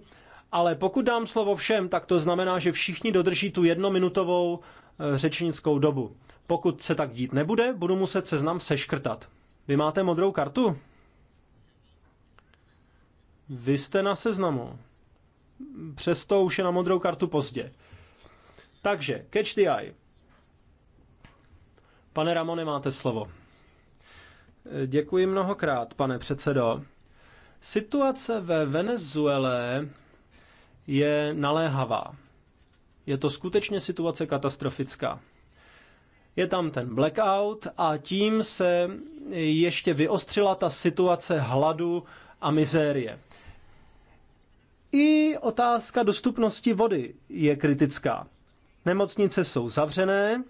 ale pokud dám slovo všem, tak to znamená, že všichni dodrží tu jednominutovou Eh, řečnickou dobu. Pokud se tak dít nebude, budu muset seznam seškrtat. Vy máte modrou kartu? Vy jste na seznamu. Přesto už je na modrou kartu pozdě. Takže, catch the eye. Pane Ramone, máte slovo. Eh, děkuji mnohokrát, pane předsedo. Situace ve Venezuele je naléhavá. Je to skutečně situace katastrofická. Je tam ten blackout a tím se ještě vyostřila ta situace hladu a mizérie. I otázka dostupnosti vody je kritická. Nemocnice jsou zavřené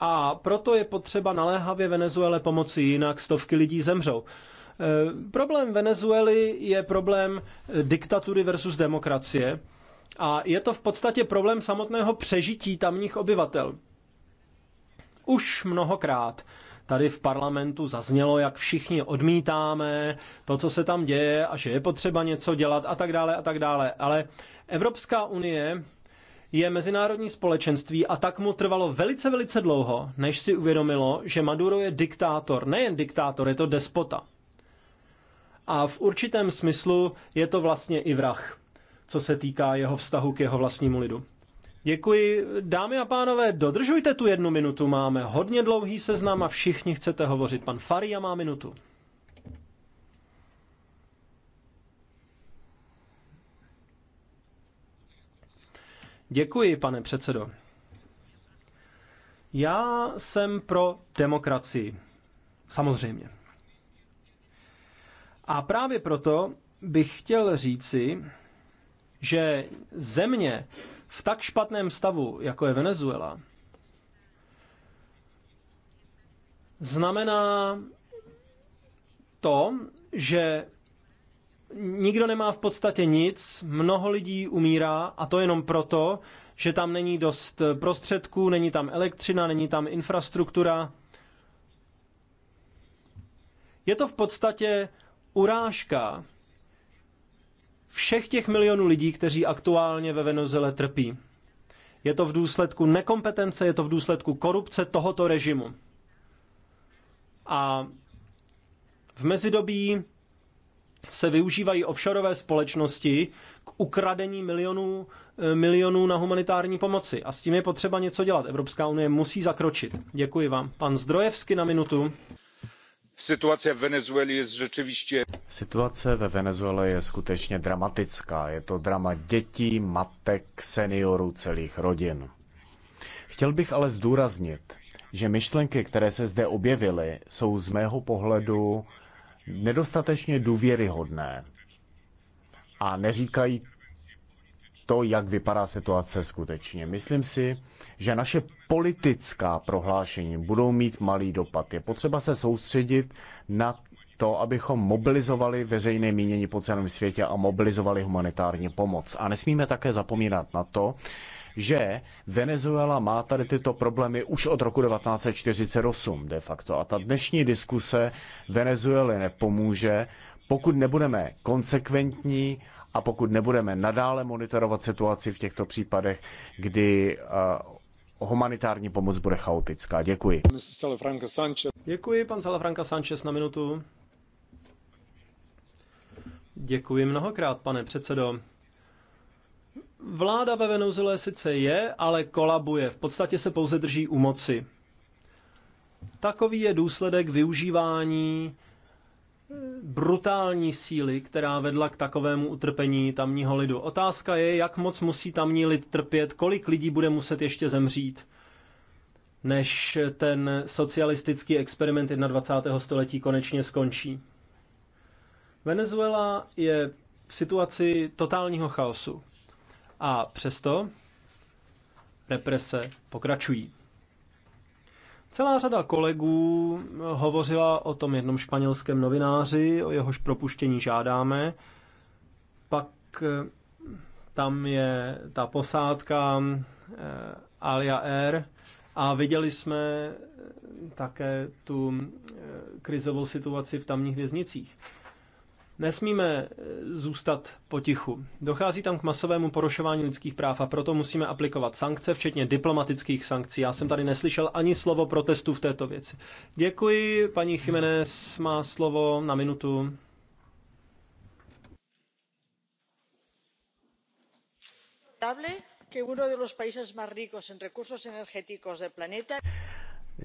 a proto je potřeba naléhavě Venezuele pomoci, jinak stovky lidí zemřou. E, problém Venezuely je problém diktatury versus demokracie a je to v podstatě problém samotného přežití tamních obyvatel. Už mnohokrát tady v parlamentu zaznělo, jak všichni odmítáme to, co se tam děje a že je potřeba něco dělat a tak dále a tak dále. Ale Evropská unie je mezinárodní společenství a tak mu trvalo velice, velice dlouho, než si uvědomilo, že Maduro je diktátor. Nejen diktátor, je to despota. A v určitém smyslu je to vlastně i vrah co se týká jeho vztahu k jeho vlastnímu lidu. Děkuji. Dámy a pánové, dodržujte tu jednu minutu. Máme hodně dlouhý seznam a všichni chcete hovořit. Pan Faria má minutu. Děkuji, pane předsedo. Já jsem pro demokracii. Samozřejmě. A právě proto bych chtěl říci, že země v tak špatném stavu, jako je Venezuela, znamená to, že nikdo nemá v podstatě nic, mnoho lidí umírá a to jenom proto, že tam není dost prostředků, není tam elektřina, není tam infrastruktura. Je to v podstatě urážka všech těch milionů lidí, kteří aktuálně ve Venezuele trpí. Je to v důsledku nekompetence, je to v důsledku korupce tohoto režimu. A v mezidobí se využívají offshoreové společnosti k ukradení milionů, eh, milionů na humanitární pomoci. A s tím je potřeba něco dělat. Evropská unie musí zakročit. Děkuji vám. Pan Zdrojevsky na minutu. Situace ve Venezuele je rzeczywiście... Situace ve Venezuele je skutečně dramatická. Je to drama dětí, matek, seniorů, celých rodin. Chtěl bych ale zdůraznit, že myšlenky, které se zde objevily, jsou z mého pohledu nedostatečně důvěryhodné a neříkají to, jak vypadá situace skutečně. Myslím si, že naše politická prohlášení budou mít malý dopad. Je potřeba se soustředit na to, abychom mobilizovali veřejné mínění po celém světě a mobilizovali humanitární pomoc. A nesmíme také zapomínat na to, že Venezuela má tady tyto problémy už od roku 1948 de facto. A ta dnešní diskuse Venezuele nepomůže, pokud nebudeme konsekventní, a pokud nebudeme nadále monitorovat situaci v těchto případech, kdy eh, humanitární pomoc bude chaotická. Děkuji. Děkuji, pan Salafranca Sanchez, na minutu. Děkuji mnohokrát, pane předsedo. Vláda ve Venezuele sice je, ale kolabuje. V podstatě se pouze drží u moci. Takový je důsledek využívání brutální síly, která vedla k takovému utrpení tamního lidu. Otázka je, jak moc musí tamní lid trpět, kolik lidí bude muset ještě zemřít, než ten socialistický experiment 21. století konečně skončí. Venezuela je v situaci totálního chaosu. A přesto represe pokračují. Celá řada kolegů eh, hovořila o tom jednom španělském novináři, o jehož propuštění žádáme. Pak eh, tam je ta posádka eh, Alia Air a viděli jsme také tu krizovou situaci v tamních věznicích. Nesmíme eh, zůstat potichu. Dochází tam k masovému porušování lidských práv a proto musíme aplikovat sankce, včetně diplomatických sankcí. Já jsem tady neslyšel ani slovo protestu v této věci. Děkuji, paní Jiménez má slovo na minutu.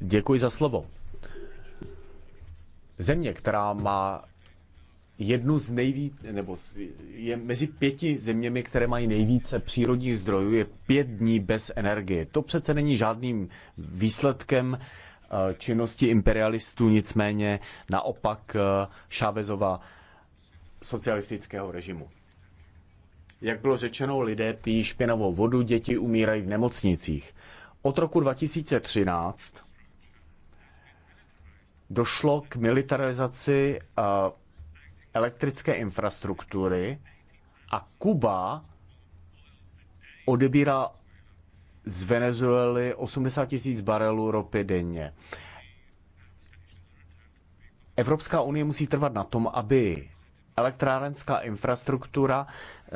Děkuji za slovo. Země, která má jednu z nejvíc, nebo je mezi pěti zeměmi, které mají nejvíce přírodních zdrojů, je pět dní bez energie. To přece není žádným výsledkem eh, činnosti imperialistů, nicméně naopak Šávezova eh, socialistického režimu. Jak bylo řečeno, lidé pijí špinavou vodu, děti umírají v nemocnicích. Od roku 2013 došlo k militarizaci eh, elektrické infrastruktury a Kuba odebírá z Venezuely 80 tisíc barelů ropy denně. Evropská unie musí trvat na tom, aby elektrárenská infrastruktura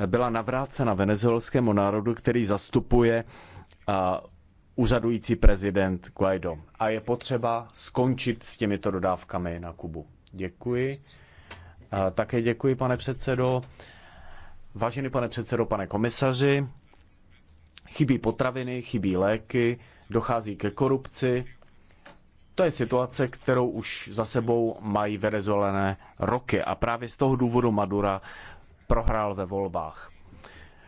byla navrácena venezuelskému národu, který zastupuje úřadující prezident Guaido. A je potřeba skončit s těmito dodávkami na Kubu. Děkuji. Také děkuji, pane předsedo. Vážený pane předsedo, pane komisaři, chybí potraviny, chybí léky, dochází ke korupci. To je situace, kterou už za sebou mají venezuelané roky a právě z toho důvodu Madura prohrál ve volbách.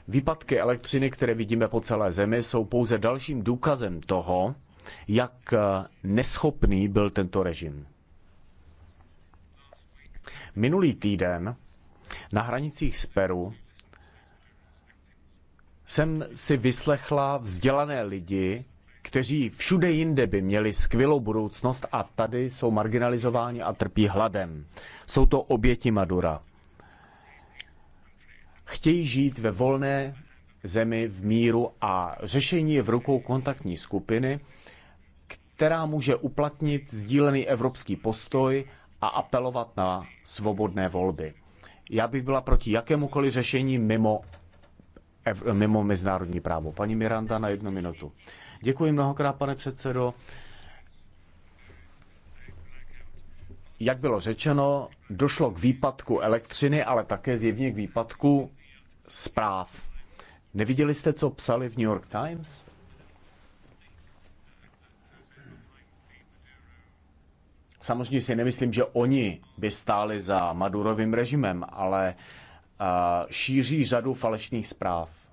Výpadky elektřiny, které vidíme po celé zemi, jsou pouze dalším důkazem toho, jak neschopný byl tento režim. Minulý týden na hranicích z Peru jsem si vyslechla vzdělané lidi, kteří všude jinde by měli skvělou budoucnost a tady jsou marginalizováni a trpí hladem. Jsou to oběti Madura. Chtějí žít ve volné zemi v míru a řešení je v rukou kontaktní skupiny, která může uplatnit sdílený evropský postoj a apelovat na svobodné volby. Já bych byla proti jakémukoliv řešení mimo, mimo mezinárodní právo. Paní Miranda na jednu minutu. Děkuji mnohokrát, pane předsedo. Jak bylo řečeno, došlo k výpadku elektřiny, ale také zjevně k výpadku zpráv. Neviděli jste, co psali v New York Times? Samozřejmě si nemyslím, že oni by stáli za Madurovým režimem, ale eh, šíří řadu falešných zpráv.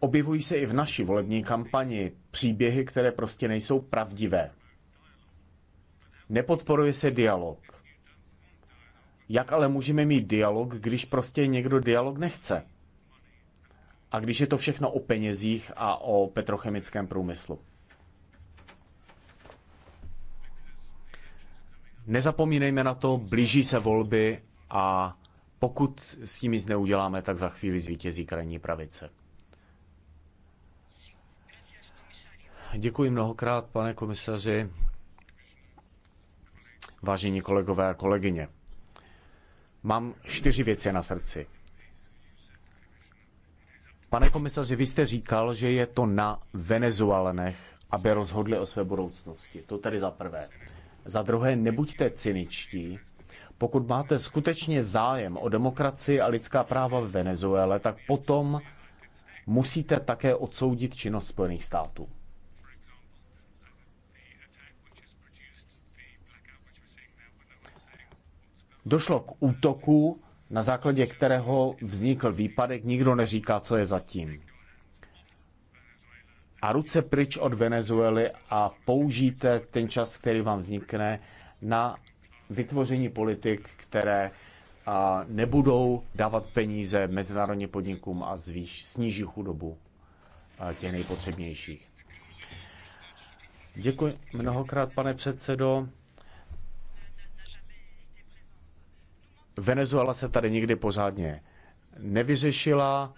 Objevují se i v naší volební kampani příběhy, které prostě nejsou pravdivé. Nepodporuje se dialog. Jak ale můžeme mít dialog, když prostě někdo dialog nechce? A když je to všechno o penězích a o petrochemickém průmyslu. Nezapomínejme na to, blíží se volby a pokud s tím nic neuděláme, tak za chvíli zvítězí krajní pravice. Děkuji mnohokrát, pane komisaři, vážení kolegové a kolegyně. Mám čtyři věci na srdci. Pane komisaři, vy jste říkal, že je to na Venezuelanech, aby rozhodli o své budoucnosti. To tedy za prvé. Za druhé, nebuďte cyničtí. Pokud máte skutečně zájem o demokracii a lidská práva v Venezuele, tak potom musíte také odsoudit činnost Spojených států. Došlo k útoku na základě kterého vznikl výpadek, nikdo neříká, co je zatím. A ruce pryč od Venezuely a použijte ten čas, který vám vznikne, na vytvoření politik, které a nebudou dávat peníze mezinárodním podnikům a zvíš, sníží chudobu těch nejpotřebnějších. Děkuji mnohokrát, pane předsedo. Venezuela se tady nikdy pořádně nevyřešila,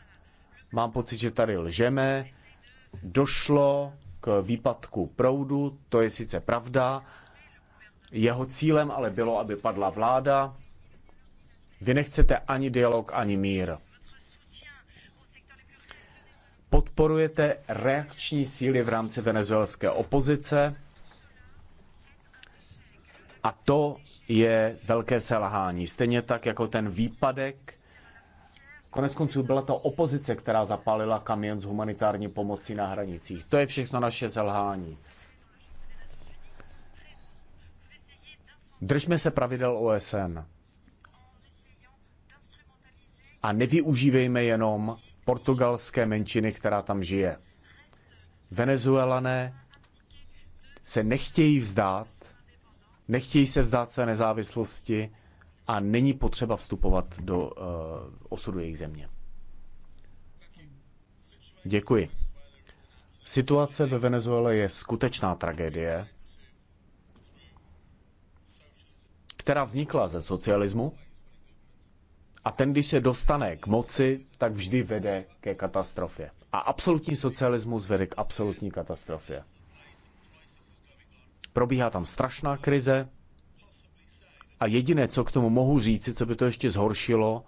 mám pocit, že tady lžeme, došlo k výpadku proudu, to je sice pravda, jeho cílem ale bylo, aby padla vláda. Vy nechcete ani dialog, ani mír. Podporujete reakční síly v rámci venezuelské opozice a to je velké selhání. Stejně tak jako ten výpadek. Konec konců byla to opozice, která zapálila kamion s humanitární pomocí na hranicích. To je všechno naše selhání. Držme se pravidel OSN a nevyužívejme jenom portugalské menšiny, která tam žije. Venezuelané se nechtějí vzdát nechtějí se vzdát své nezávislosti a není potřeba vstupovat do uh, osudu jejich země. Děkuji. Situace ve Venezuele je skutečná tragédie, která vznikla ze socialismu. A ten, když se dostane k moci, tak vždy vede ke katastrofě. A absolutní socialismus vede k absolutní katastrofě. Probíhá tam strašná krize a jediné, co k tomu mohu říci, co by to ještě zhoršilo,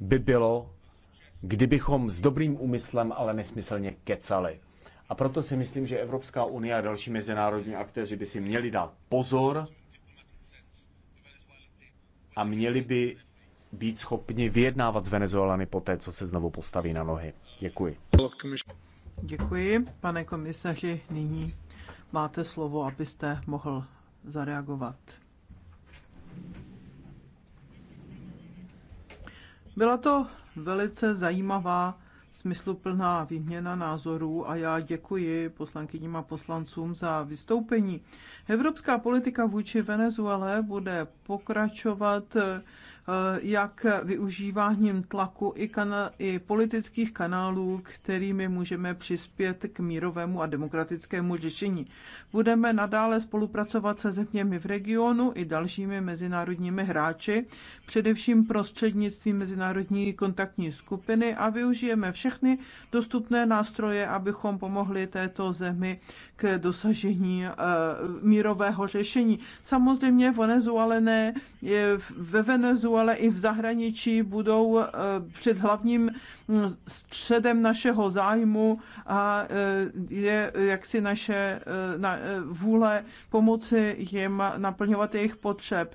by bylo, kdybychom s dobrým úmyslem, ale nesmyslně kecali. A proto si myslím, že Evropská unie a další mezinárodní aktéři by si měli dát pozor a měli by být schopni vyjednávat s Venezuelany po té, co se znovu postaví na nohy. Děkuji. Děkuji, pane komisaři. Nyní máte slovo, abyste mohl zareagovat. Byla to velice zajímavá, smysluplná výměna názorů a já děkuji poslankyním a poslancům za vystoupení. Evropská politika vůči Venezuele bude pokračovat Eh, jak využíváním tlaku i, kanál, i politických kanálů, kterými můžeme přispět k mírovému a demokratickému řešení. Budeme nadále spolupracovat se zeměmi v regionu i dalšími mezinárodními hráči, především prostřednictvím mezinárodní kontaktní skupiny a využijeme všechny dostupné nástroje, abychom pomohli této zemi k dosažení eh, mírového řešení. Samozřejmě je ve Venezuele ale i v zahraničí budou eh, před hlavním hm, středem našeho zájmu a eh, je jaksi naše eh, vůle pomoci jim naplňovat jejich potřeb.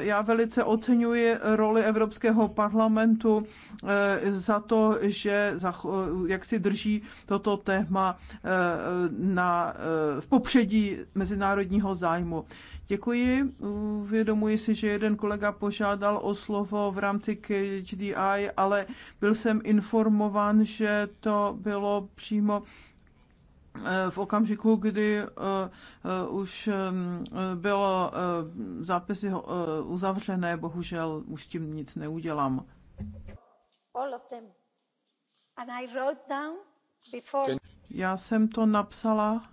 Já velice oceňuji roli Evropského parlamentu za to, že jak si drží toto téma na, v popředí mezinárodního zájmu. Děkuji. Uvědomuji si, že jeden kolega požádal o slovo v rámci KHDI, ale byl jsem informován, že to bylo přímo eh, v okamžiku, kdy eh, eh, už bylo zápisy uzavřené, bohužel už tím nic neudělám. All of them. And I wrote down before. Já jsem to napsala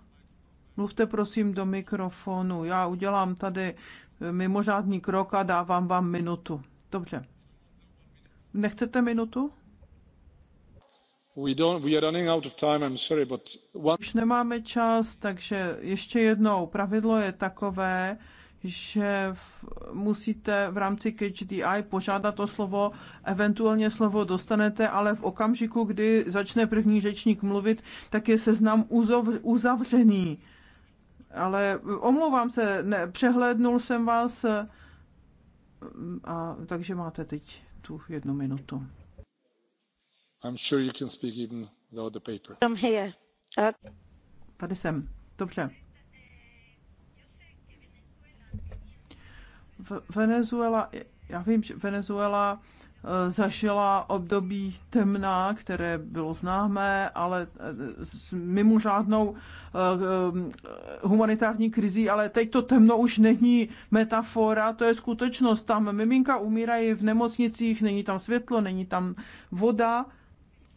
Mluvte prosím do mikrofonu. Já udělám tady eh, mimořádný krok a dávám vám minutu. Dobře. Nechcete minutu? We don't, we are out of time, I'm sorry, but one... Už nemáme čas, takže ještě jednou. Pravidlo je takové, že v, musíte v rámci CatchDI požádat o slovo, eventuálně slovo dostanete, ale v okamžiku, kdy začne první řečník mluvit, tak je seznam uzov, uzavřený ale omlouvám se, ne, přehlédnul jsem vás, eh, a, takže máte teď tu jednu minutu. I'm sure you can speak even without the paper. From here. Uh... Tady jsem. Dobře. V Venezuela, já vím, že Venezuela Eh, zažila období temna, které bylo známé, ale eh, s mimořádnou eh, humanitární krizí, ale teď to temno už není metafora, to je skutečnost. Tam miminka umírají v nemocnicích, není tam světlo, není tam voda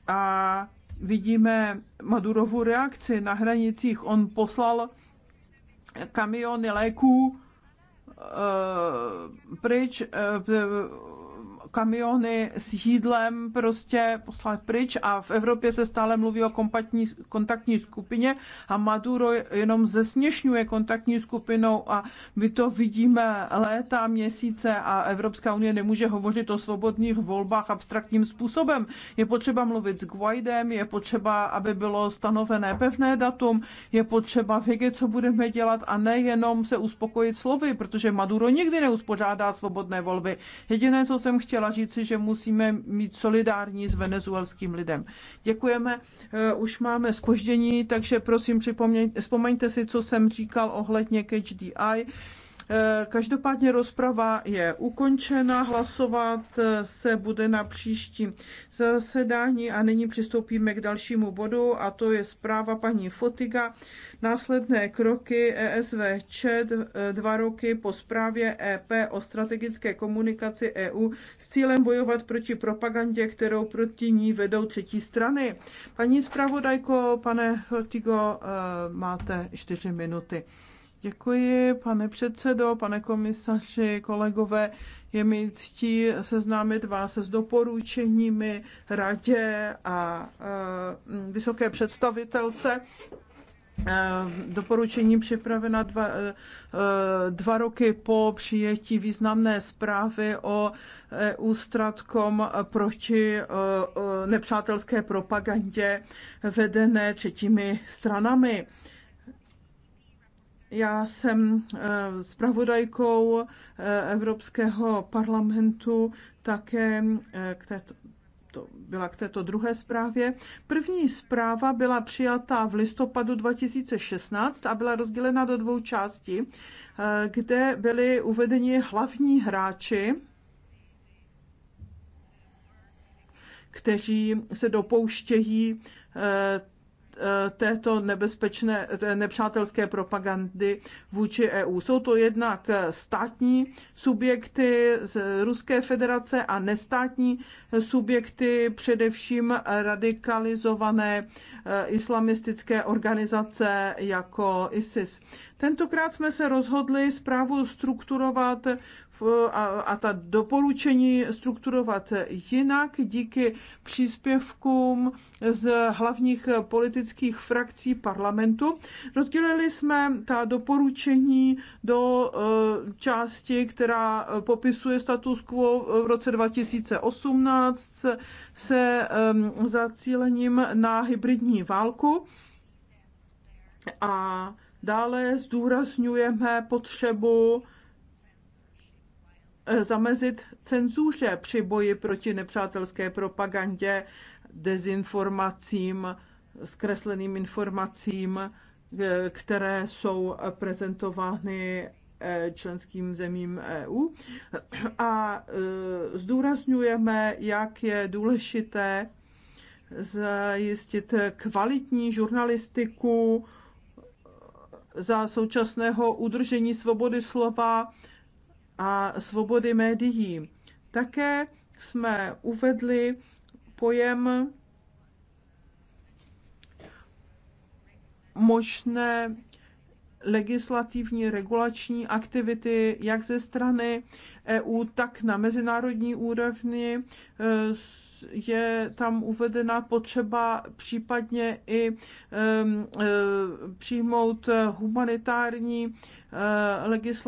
a vidíme Madurovu reakci na hranicích. On poslal kamiony léků pryč, kamiony s jídlem prostě poslat pryč a v Evropě se stále mluví o kompaktní, kontaktní skupině a Maduro jenom zesměšňuje kontaktní skupinou a my to vidíme léta, měsíce a Evropská unie nemůže hovořit o svobodných volbách abstraktním způsobem. Je potřeba mluvit s Guaidem, je potřeba, aby bylo stanovené pevné datum, je potřeba vědět, co budeme dělat a nejenom se uspokojit slovy, protože Maduro nikdy neuspořádá svobodné volby. Jediné, co jsem chtěla chtěla říci, že musíme mít solidární s venezuelským lidem. Děkujeme, eh, už máme spoždění, takže prosím připomeňte si, co jsem říkal ohledně Catch the Eye. Eh, každopádně rozprava je ukončena, hlasovat eh, se bude na příštím zasedání a nyní přistoupíme k dalšímu bodu a to je zpráva paní Fotiga. Následné kroky e ČED eh, dva roky po zprávě EP o strategické komunikaci EU s cílem bojovat proti propagandě, kterou proti ní vedou třetí strany. Paní zpravodajko, pane Fotigo, máte čtyři minuty. Děkuji, pane předsedo, pane komisaři, kolegové. Je mi ctí seznámit vás s doporučeními radě a eh, vysoké představitelce eh, doporučení připravena dva, eh, dva roky po přijetí významné zprávy o ústratkom stratkom proti nepřátelské propagandě vedené třetími stranami. Já jsem eh, zpravodajkou eh, Evropského parlamentu také eh, k této to byla k této druhé zprávě. První zpráva byla přijata v listopadu 2016 a byla rozdělena do dvou částí, kde byly uvedeni hlavní hráči, kteří se dopouštějí Eh, této nebezpečné, té nepřátelské propagandy vůči EU. Jsou to jednak státní subjekty z Ruské federace a nestátní subjekty, především radikalizované eh, islamistické organizace jako ISIS. Tentokrát jsme se rozhodli zprávu strukturovat a, a ta doporučení strukturovat jinak díky příspěvkům z hlavních politických frakcí parlamentu. Rozdělili jsme ta doporučení do e, části, která popisuje status quo v roce 2018 se e, zacílením na hybridní válku. A Dále zdůrazňujeme potřebu eh, zamezit cenzuře při boji proti nepřátelské propagandě, dezinformacím, zkresleným informacím, eh, které jsou prezentovány eh, členským zemím EU. A zdůrazňujeme, jak je důležité zajistit kvalitní žurnalistiku, za současného udržení svobody slova a svobody médií. Také jsme uvedli pojem možné legislativní regulační aktivity jak ze strany EU, tak na mezinárodní úrovni eh, je tam uvedena potřeba případně i e, přijmout humanitární e, legislativu,